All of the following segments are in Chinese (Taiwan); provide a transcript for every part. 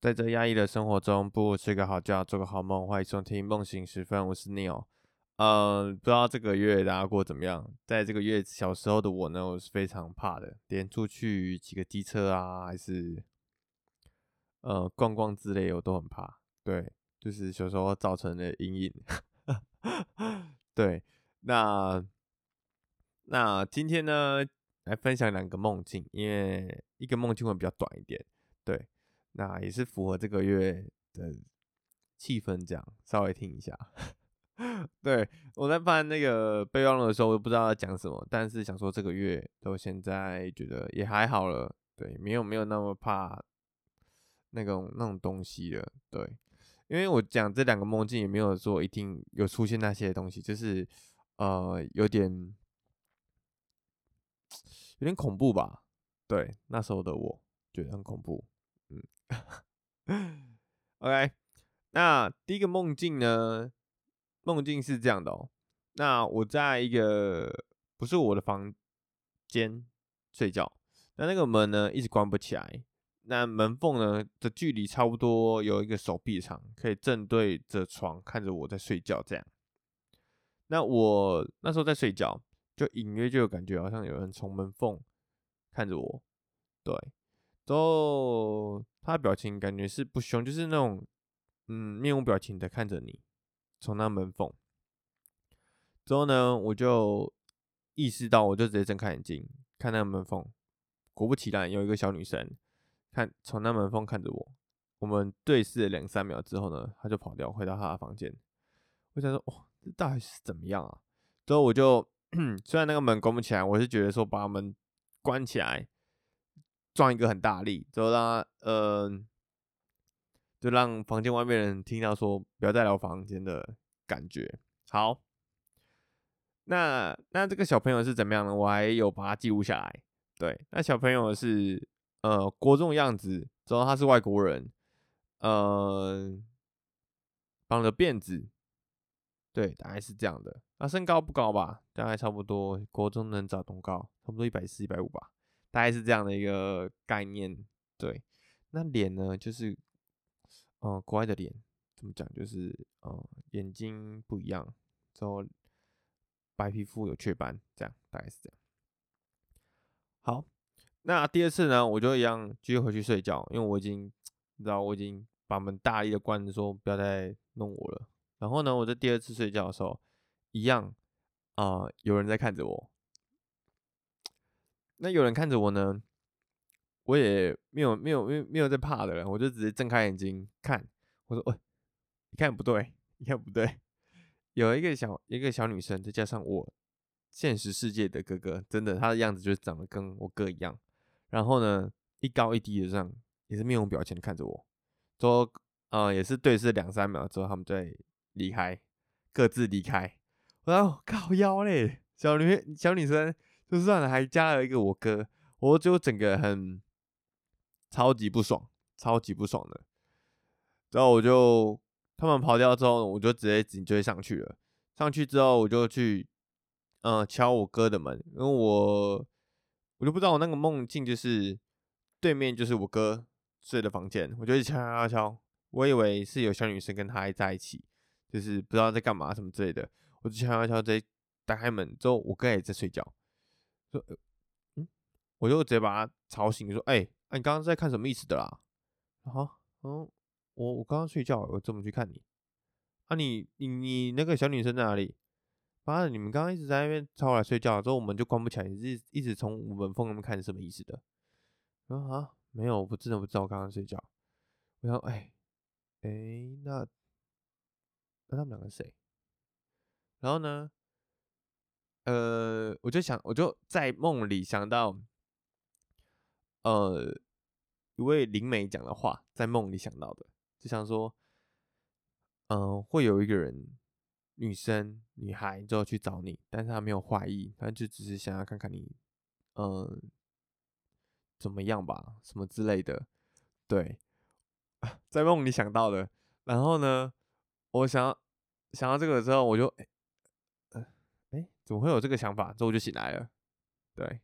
在這壓抑的生活中，不如睡個好覺，做個好夢。歡迎收聽《夢醒時分》，我是 Neil。嗯、呃，不知道這個月大家過得怎麼樣？在這個月，小時候的我呢，我是非常怕的，連出去騎個機車啊，還是呃逛逛之類，我都很怕。對，就是小時候造成的陰影。呵呵對，那那今天呢，來分享兩個夢境，因為一個夢境會比較短一點。對。那也是符合這個月的氣氛，這樣稍微聽一下。 對，我在翻那個備忘錄的時候，我不知道要講什麼，但是想說這個月到現在覺得也還好了，對，沒有沒有那麼怕那種那種東西了，對，因為我講這兩個夢境也沒有說一定有出現那些東西，就是呃有點有點恐怖吧，對，那時候的我覺得很恐怖。 OK，那第一個夢境呢？夢境是這樣的哦、喔，那我在一個不是我的房間睡覺，那那個門呢，一直關不起來，那門縫呢的距離差不多有一個手臂長，可以正對着床看着我在睡覺這樣。那我那時候在睡覺，就隱約就有感覺好像有人從門縫看着我，對。然後，他的表情感覺是不凶，就是那種，嗯，面無表情的看着你，從那門縫。之後呢，我就意識到，我就直接睜開眼睛看那個門縫。果不其然，有一個小女生看，看從那門縫看着我。我們對視了兩三秒之後呢，她就跑掉，回到她的房間。我想說，哇、哦，這到底是怎麼樣啊？之後我就，雖然那個門關不起來，我是覺得說把門關起來。撞一個很大力，就讓嗯、呃，就讓房間外面人聽到說不要再聊房間的感覺。好，那那這個小朋友是怎麼樣呢？我還有把他記錄下來。對，那小朋友是呃國中的樣子，知道他是外國人，呃綁了辮子，對，大概是這樣的。他身高不高吧？大概差不多，國中能長多高？差不多一百四、一百五吧。大概是這樣的一個概念，對。那臉呢，就是，呃，國外的臉怎麼講，就是呃，眼睛不一樣，之後白皮膚有雀斑，這樣大概是這樣。好，那第二次呢，我就一樣繼續回去睡覺，因為我已經，你知道，我已經把門大力的關着，說不要再弄我了。然後呢，我在第二次睡覺的時候，一樣啊、呃，有人在看着我。那有人看着我呢，我也沒有沒有沒有沒有在怕的，我就直接睜開眼睛看。我說：“喂、欸，你看不對，你看不對，有一個小一個小女生，再加上我現實世界的哥哥，真的，他的樣子就是長得跟我哥一樣。然後呢，一高一低的這樣，也是面無表情的看着我。說：啊、呃，也是對視兩三秒之後，他們就離開，各自離開。然後靠腰嘞，小女小女生。”就算了，還加了一個我哥，我就整個很超級不爽，超級不爽的。然後我就他們跑掉之後，我就直接緊追上去了。上去之後，我就去嗯、呃、敲我哥的門，因為我我就不知道我那個夢境就是對面就是我哥睡的房間，我就一直敲敲敲。我以為是有小女生跟他在一起，就是不知道在幹嘛什麼之類的。我就敲敲敲，在打開門之後，我哥也在睡覺。就嗯，我就直接把他吵醒，說：“哎、欸、那、啊、你剛剛是在看什麼意思的啦？好、啊，嗯、啊，我我剛剛睡覺，我怎麼去看你？啊你你你那個小女生在哪裡？反、啊、正你們剛剛一直在那邊吵我來睡覺，之後我們就關不起來，一直一直從門縫那邊看是什麼意思的。然、啊、後、啊、沒有，我真的不知道我剛剛睡覺。然後哎哎，那那他們兩個誰？然後呢？”呃，我就想，我就在夢裡想到，呃，一位靈媒講的話，在夢裡想到的，就想說，嗯、呃，會有一個人，女生、女孩，之後去找你，但是她沒有懷疑，她就只是想要看看你，嗯、呃，怎麼樣吧，什麼之類的，對，在夢裡想到的。然後呢，我想想到這個之後，我就。欸哎、欸，怎麼會有這個想法？之後我就醒來了。對，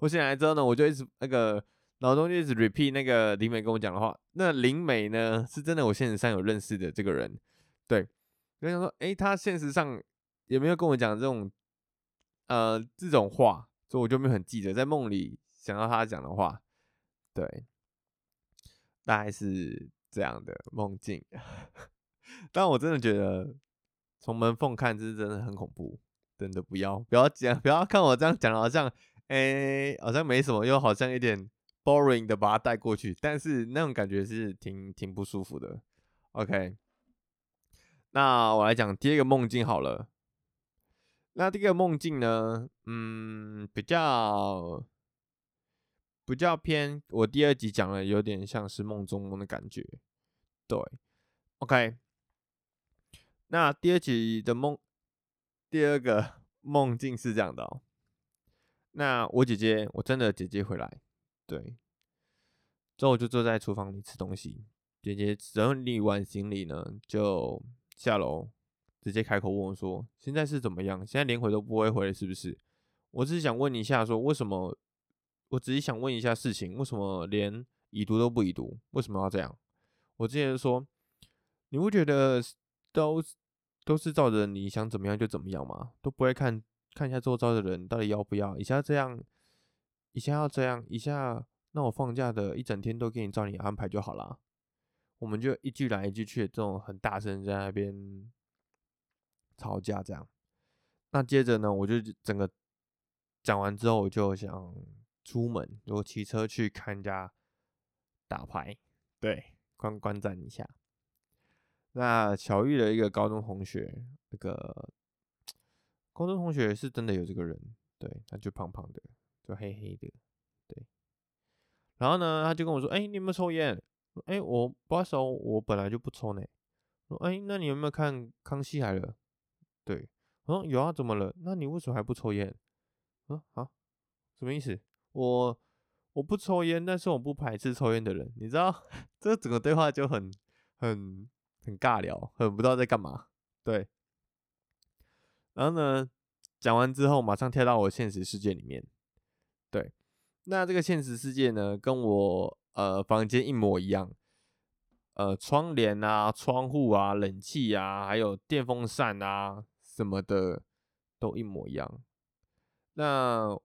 我醒來之後呢，我就一直那個腦中就一直 repeat 那個林美跟我講的話。那林美呢，是真的我現實上有認識的這個人。對，我想說，哎，他現實上有沒有跟我講這種呃這種話？所以我就沒有很記得在夢裡想到他講的話。對，大概是這樣的夢境。 但我真的覺得從門縫看，這是真的很恐怖。真的不要，不要講，不要看我這樣講，好像，哎、欸，好像沒什麼，又好像一點 boring 的把它帶過去，但是那種感覺是挺挺不舒服的。OK，那我來講第二個夢境好了。那這個夢境呢，嗯，比較，比較偏。我第二集講了有點像是夢中夢的感覺，對。OK，那第二集的夢。第二個夢境是這樣的哦，那我姐姐我真的姐姐回來，對，之後我就坐在廚房裡吃東西。姐姐整理完行李呢，就下樓直接開口問我說：“現在是怎麼樣？現在連回都不會回來，是不是？”我只是想問一下，說為什麼？我只是想問一下事情，為什麼連已讀都不已讀？為什麼要這樣？我之前說，你不覺得都。都是照着你想怎麼樣就怎麼樣嘛，都不會看看一下周遭的人到底要不要，一下這樣，一下要這樣，一下那我放假的一整天都給你照你安排就好了，我們就一句來一句去，這種很大聲在那邊吵架這樣。那接着呢，我就整個講完之後，我就想出門，我騎車去看人家打牌，對，觀觀戰一下。那巧遇了一個高中同學，那個高中同學是真的有這個人，對，他就胖胖的，就黑黑的，對。然後呢，他就跟我說：“哎、欸，你有沒有抽煙？”哎、欸，我不愛抽，我本來就不抽呢。”說：“哎、欸，那你有沒有看《康熙來了》？”對，嗯說：“有啊，怎麼了？那你為什麼還不抽煙？”嗯好啊，什麼意思？我我不抽煙，但是我不排斥抽煙的人，你知道， 這整個對話就很很。”很尬聊，很不知道在幹嘛。對，然後呢，講完之後馬上跳到我現實世界裡面。對，那這個現實世界呢，跟我呃房間一模一樣，呃窗簾啊、窗戶啊、冷氣啊，還有電風扇啊什麼的都一模一樣。那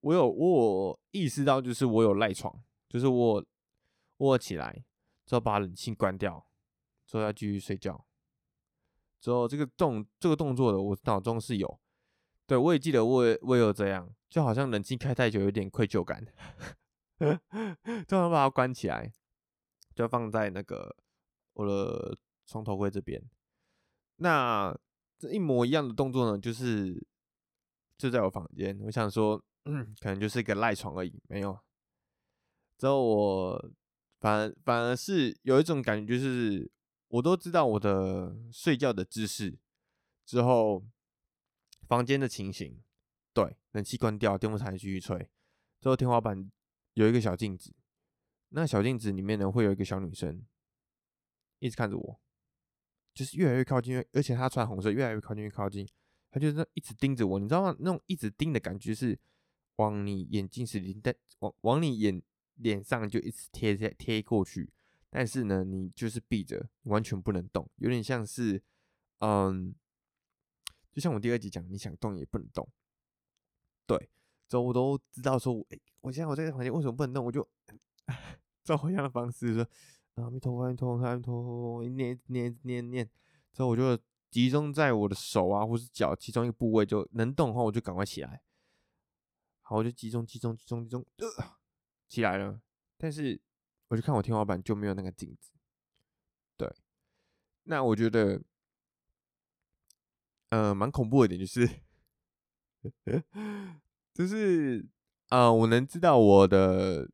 我有我有意識到，就是我有賴床，就是我我起來。之後把冷氣關掉，之後要繼續睡覺。之後這個動這個動作的，我腦中是有，對我也記得我，我我有這樣，就好像冷氣開太久有點愧疚感，突 然把它關起來，就放在那個我的床頭櫃這邊。那這一模一樣的動作呢，就是就在我房間，我想說，嗯，可能就是一個賴床而已，沒有。之後我。反而反而是有一種感覺，就是我都知道我的睡覺的姿勢之後，房間的情形，對，冷氣關掉，電風扇繼續吹，之後天花板有一個小鏡子，那小鏡子裡面呢會有一個小女生，一直看着我，就是越來越靠近，而且她穿紅色，越來越靠近，越靠近，她就是一直盯着我，你知道嗎？那種一直盯的感覺是往你眼睛是勁，但往往你眼。臉上就一直貼在貼過去，但是呢，你就是閉着，完全不能動，有點像是，嗯，就像我第二集講，你想動也不能動。對，之後我都知道說，哎，我現在我這個房間為什麼不能動？我就呵呵照一樣的方式說，啊，彌陀佛，彌陀佛，彌陀佛，念念念念。之後我就集中在我的手啊，或是腳其中一個部位，就能動的話，我就趕快起來。好，我就集中集中集中集中。集中集中呃起來了，但是我去看我天花板就沒有那個鏡子，對，那我覺得，嗯、呃，蠻恐怖的一點就是，呵呵就是啊、呃，我能知道我的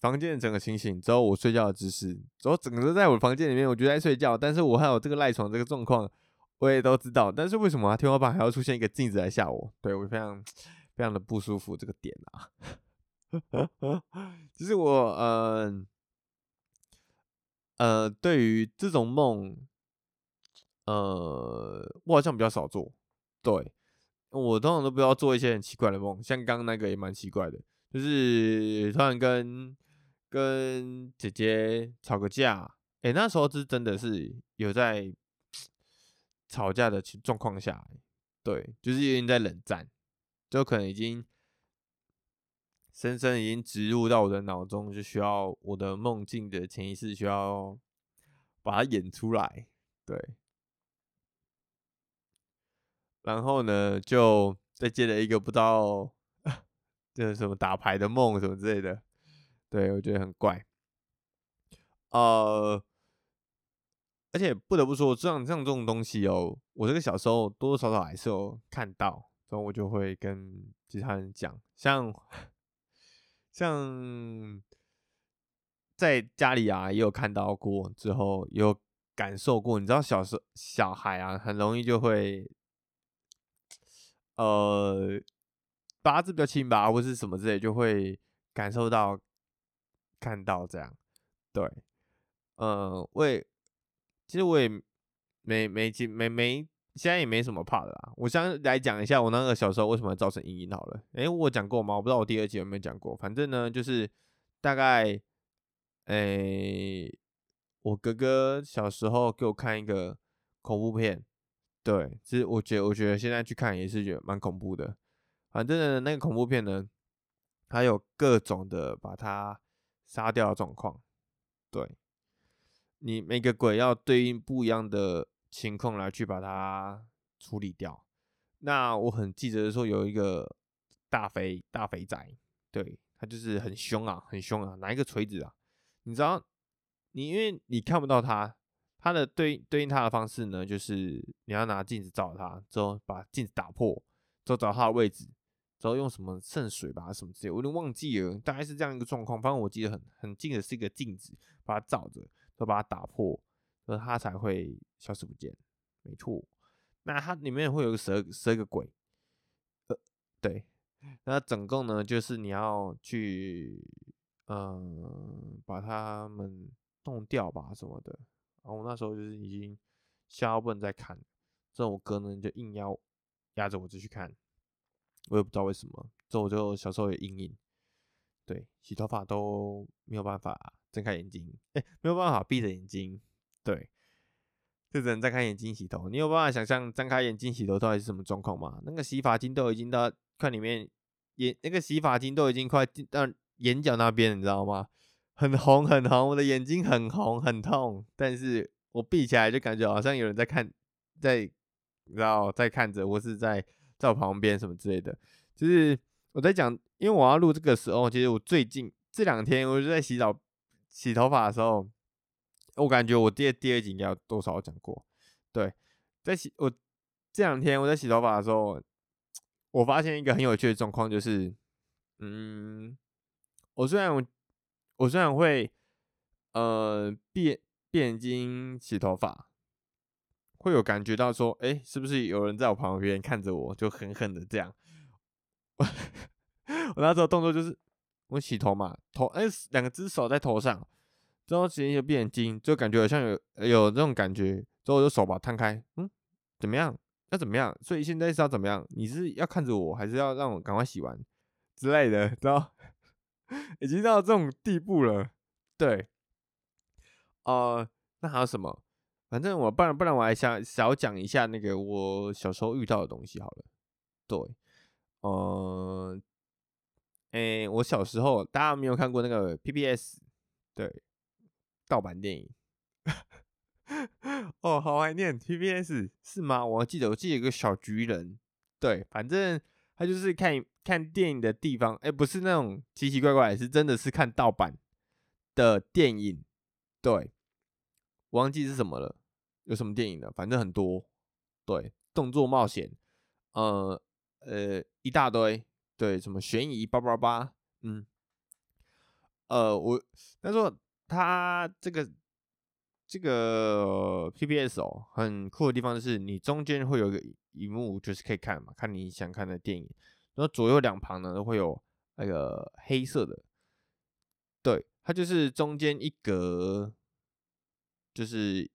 房間的整個情形，之後我睡覺的姿勢，之後整個在我的房間裡面，我就在睡覺，但是我還有這個賴床這個狀況，我也都知道，但是為什麼、啊、天花板還要出現一個鏡子來嚇我？對我非常非常的不舒服這個點啊。哈哈哈， 其實我嗯、呃，呃，對於這種夢，呃，我好像比較少做。對，我通常都不要做一些很奇怪的夢，像剛剛那個也蠻奇怪的，就是突然跟跟姐姐吵個架。哎，那時候是真的是有在吵架的狀況下，對，就是有點在冷戰，就可能已經。深深已經植入到我的腦中，就需要我的夢境的潛意識需要把它演出來，對。然後呢，就再接了一個不知道就是什麼打牌的夢什麼之類的，對我覺得很怪。呃，而且不得不說，這樣這樣這種東西哦，我這個小時候多多少少還是有看到，然後我就會跟其他人講，像。像在家裡啊，也有看到過，之後也有感受過。你知道小，小時候小孩啊，很容易就會，呃，八字比較輕吧，或者是什麼之類，就會感受到、看到這樣。對，呃，我也，其實我也沒沒記，沒沒。沒現在也沒什麼怕的啦。我先來講一下我那個小時候為什麼造成陰影好了。誒、欸,我有講過嗎？我不知道我第二集有沒有講過。反正呢，就是大概，誒、欸，我哥哥小時候給我看一個恐怖片，對，其實我覺得我覺得現在去看也是覺得蠻恐怖的。反正呢，那個恐怖片呢，它有各種的把它殺掉的狀況，對，你每個鬼要對應不一樣的。情況來去把它處理掉。那我很記得說有一個大肥大肥仔，對他就是很凶啊，很凶啊，拿一個錘子啊。你知道，你因為你看不到他，他的對對應他的方式呢，就是你要拿鏡子照他，之後把鏡子打破，之後找他的位置，之後用什麼聖水吧，什麼之類，我都忘記了，大概是這樣一個狀況。反正我記得很很近的是一個鏡子，把它照着，就把它打破。它才會消失不見，沒錯。那它裡面會有個蛇，蛇個鬼，呃，對。那整個呢，就是你要去，嗯，把它們弄掉吧，什麼的。然後我那時候就是已經下不能再看，之後我哥呢就硬要壓着我繼續看，我也不知道為什麼。之後我就小時候也陰影，對，洗頭髮都沒有辦法睜開眼睛，哎、欸，沒有辦法閉着眼睛。對，就只能張開眼睛洗頭。你有辦法想象張開眼睛洗頭到底是什麼狀況嗎？那個洗髮精都已經到快裡面眼，那個洗髮精都已經快到眼角那邊，你知道嗎？很紅很紅，我的眼睛很紅很痛。但是我閉起來就感覺好像有人在看，在然後在看着我是在在我旁邊什麼之類的。就是我在講，因為我要錄這個時候，其實我最近這兩天我就在洗澡洗頭髮的時候。我感覺我第二第二集應該有多少講過？對，在洗我這兩天我在洗頭髮的時候，我發現一個很有趣的狀況，就是，嗯，我雖然我，我雖然會，呃，閉閉眼睛洗頭髮，會有感覺到說，哎、欸，是不是有人在我旁邊看着我，就狠狠的這樣，我， 我那時候動作就是我洗頭嘛，頭哎，兩、欸、隻手在頭上。之後，時間就變金，就感覺好像有有這種感覺。之後，就手把攤開，嗯，怎麼樣？要怎麼樣？所以現在是要怎麼樣？你是要看着我，還是要讓我趕快洗完之類的？然後，已經到這種地步了，對。呃，那還有什麼？反正我不然不然我還想少講一下那個我小時候遇到的東西好了。對，呃，欸，我小時候大家沒有看過那個 P P S，對。盜版電影， 哦，好懷念 TBS 是嗎？我還記得，我記得有個小橘人，對，反正他就是看看電影的地方，哎、欸，不是那種奇奇怪怪，是真的是看盜版的電影，對，忘記是什麼了，有什麼電影的？反正很多，對，動作冒險，呃呃，一大堆，對，什麼懸疑八八八，嗯，呃，我他說。它這個這個 PPS 哦，很酷的地方就是你中間會有一個熒幕就是可以看嘛，看你想看的電影。然後左右兩旁呢，都會有那個黑色的，對，它就是中間一格，就是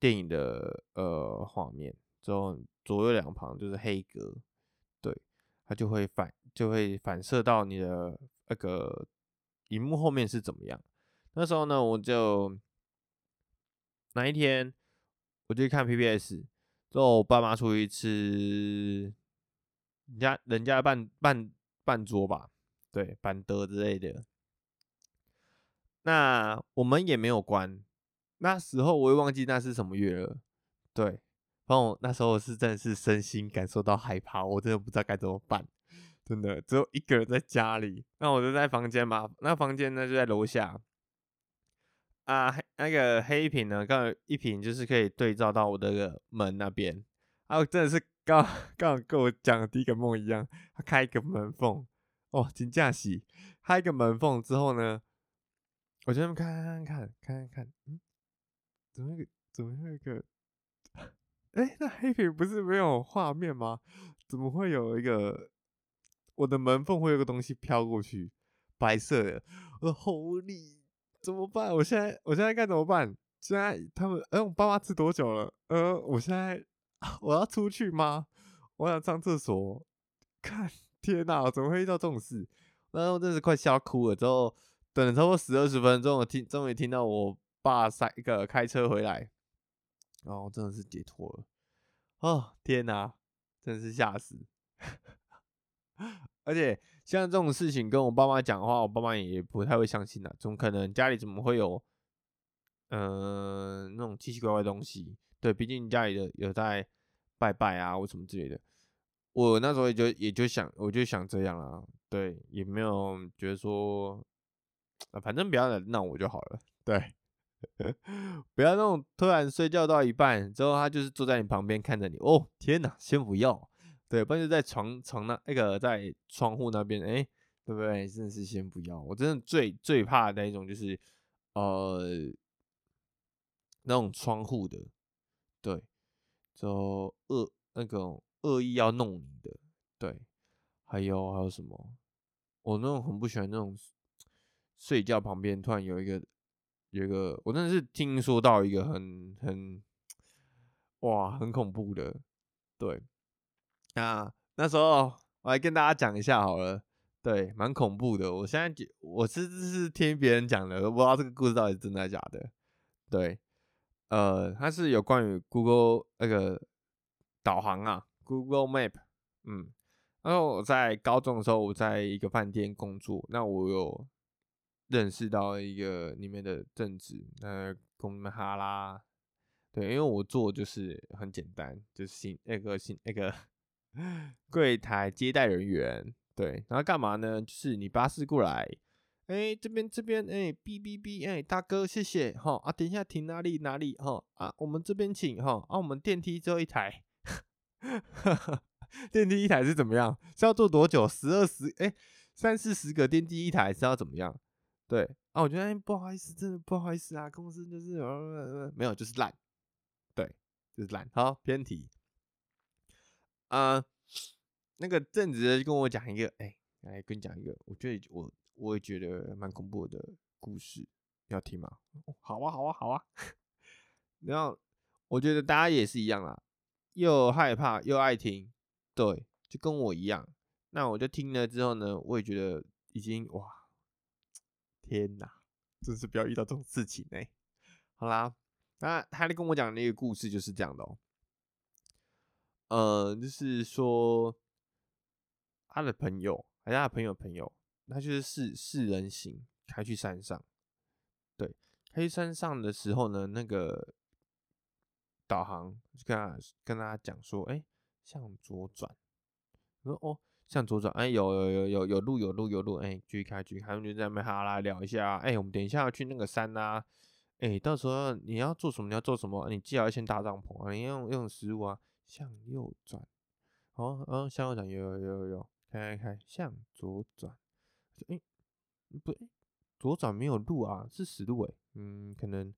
電影的呃畫面，之後左右兩旁就是黑格，對，它就會反就會反射到你的那個熒幕後面是怎麼樣。那時候呢，我就哪一天我就去看 PPS，之後我爸媽出去吃人家人家辦辦辦桌吧，對，板德之類的。那我們也沒有關，那時候我也忘記那是什麼月了。對，然後那時候是真的是身心感受到害怕，我真的不知道該怎麼辦，真的只有一個人在家裡。那我就在房間嘛，那房間呢就在樓下。啊，那個黑屏呢？剛一屏就是可以對照到我的那個門那邊。啊，我真的是剛剛跟我講的第一個夢一樣，他開一個門縫哦，真的是開一個門縫之後呢，我就看看看看看看，嗯，怎麼怎麼又一個？哎、欸，那黑屏不是沒有畫面嗎？怎麼會有一個我的門縫會有個東西飄過去，白色的，我的狐狸。Holy 怎麼辦？我現在我現在該怎麼辦？現在他們……哎、呃，我爸媽吃多久了？呃，我現在我要出去嗎？我想上廁所。看，天哪、啊！怎麼會遇到這種事？然後真是快嚇哭了。之後等了超過十二十分鐘，我聽終於聽到我爸三一個開車回來，然、哦、後真的是解脫了。哦天哪、啊！真是嚇死。 而且。像這種事情跟我爸媽講的話，我爸媽也不太會相信的。怎麼可能家裡怎麼會有、呃，嗯，那種奇奇怪怪的東西？對，畢竟家裡的有在拜拜啊或什麼之類的。我那時候也就也就想，我就想這樣啦，啊，對，也沒有覺得說，啊，反正不要鬧，那我就好了，對，不要那種突然睡覺到一半之後，他就是坐在你旁邊看着你，哦，天哪，先不要。對，不然就在床床那那個在窗戶那邊，哎，對不對？真的是先不要。我真的最最怕的一種就是，呃，那種窗戶的，對，就惡那種、那個、惡意要弄你的，對。還有還有什麼？我那種很不喜歡那種睡覺旁邊突然有一個有一個，我真的是聽說到一個很很，哇，很恐怖的，對。啊，那時候我來跟大家講一下好了，對，蠻恐怖的。我現在我是實是聽別人講的，我不知道這個故事到底真的假的。對，呃，它是有關於 Google 那個導航啊，Google Map。嗯，然後我在高中的時候，我在一個飯店工作，那我有認識到一個裡面的正職，呃，工哈啦。對，因為我做就是很簡單，就是新那個新那個。新一個櫃台接待人員，對，然後幹嘛呢？就是你巴士過來，哎，這邊這邊，哎，嗶嗶嗶，哎，大哥，謝謝，齁啊，等一下停哪裡哪裡，齁啊，我們這邊請，齁啊，我們電梯只有一台， 電梯一台是怎麼樣？是要坐多久？十二十，哎，三四十個電梯一台是要怎麼樣？對，啊，我覺得，哎，不好意思，真的不好意思啊，公司就是啊啊啊啊啊沒有，就是爛，對，就是爛，好，偏題。啊、呃，那個正直的就跟我講一個，哎、欸，來跟你講一個，我覺得我我也覺得蠻恐怖的故事，要聽嗎？哦、好啊，好啊，好啊。 然後我覺得大家也是一樣啦，又害怕又愛聽，對，就跟我一樣。那我就聽了之後呢，我也覺得已經哇，天哪，真是不要遇到這種事情哎。好啦，那他跟我講那個故事就是這樣的哦、喔。呃，就是說，他的朋友，還是他的朋友朋友，他就是四四人行開去山上。對，開山上的時候呢，那個導航就跟他跟他講說：“哎，向左轉。”我說：“哦，向左轉。”哎，有有有有有路有路有路，哎，繼續開，繼續開，然後就在那邊哈啦聊一下。哎，我們等一下要去那個山啊。哎，到時候你要做什麼？你要做什麼？你既要先搭帳篷啊，你要用，用食物啊。向右轉，哦哦，向右轉，有有有有有，開開開，向左轉，誒、欸，不，左轉沒有路啊，是死路、欸、嗯，可能，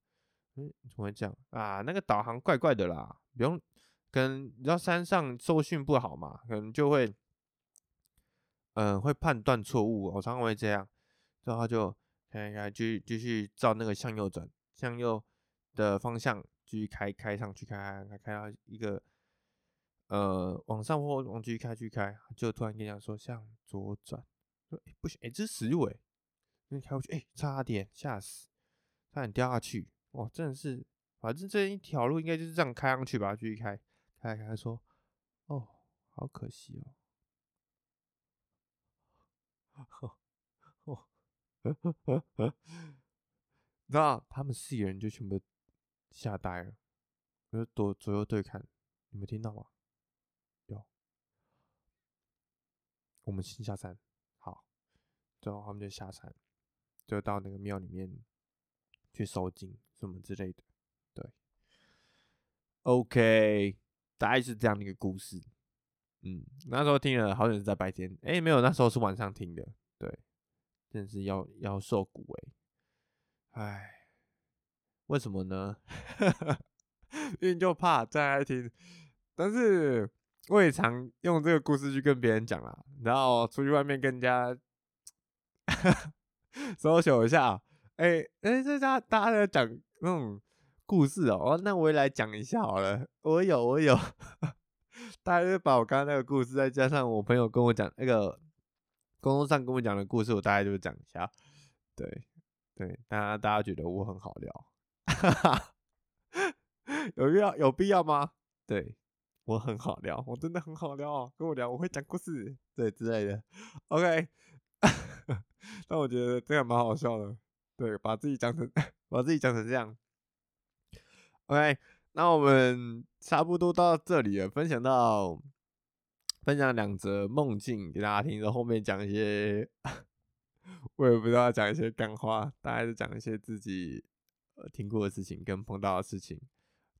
嗯、欸，怎麼會這樣啊？那個導航怪怪的啦，不用，跟，你知道山上收訊不好嘛，可能就會，嗯、呃，會判斷錯誤，我常常會這樣，然後就看一看，開開，繼續繼續照那個向右轉，向右的方向繼續開開上去，開開開，開到一個。呃，往上或往繼續開，繼續開，就突然跟你講說向左轉，說、欸、哎不行哎、欸，這是死路哎、欸，你開過去哎、欸，差點嚇死，差點掉下去，哇，真的是，反正這一條路應該就是這樣開上去吧，繼續開，開開說，哦，好可惜哦、喔，哦，哈哈哈哈哈，然後他們四個人就全部嚇呆了，我就左左右對看，你沒聽到嗎？我們先下山，好，之後他們就下山，就到那個廟裡面去收金什麼之類的，對，OK，大概是這樣的一個故事，嗯，那時候聽了好像是在白天，哎、欸，沒有，那時候是晚上聽的，對，真的是要要受鼓哎，哎，為什麼呢？因 為就怕再來聽，但是。我也常用這個故事去跟別人講啦，然後出去外面跟人家搜索一下，哎、欸、哎、欸，這大家大家都在講那種故事哦、喔，那我也來講一下好了，我有我有， 大家就把我剛剛那個故事再加上我朋友跟我講那個工作上跟我講的故事，我大概就講一下，對對，大家大家覺得我很好聊， 有必要有必要嗎？對。我很好聊，我真的很好聊，跟我聊，我會講故事，對之類的。OK， 那我覺得這樣蠻好笑的，對，把自己講成把自己講成這樣。OK，那我們差不多到這裡了，分享到分享兩則夢境給大家聽，然後後面講一些我也不知道講一些幹話，大概是講一些自己聽過、呃、的事情跟碰到的事情。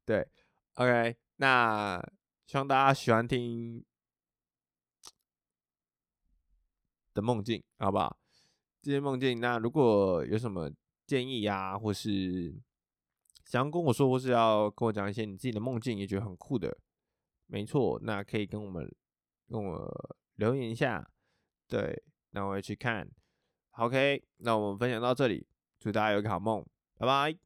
對，OK，那。希望大家喜歡聽的夢境，好不好？這些夢境，那如果有什麼建議呀、啊，或是想要跟我說，或是要跟我講一些你自己的夢境，也覺得很酷的，沒錯，那可以跟我們跟我留言一下。對，那我也去看。OK，那我們分享到這裡，祝大家有個好夢，拜拜。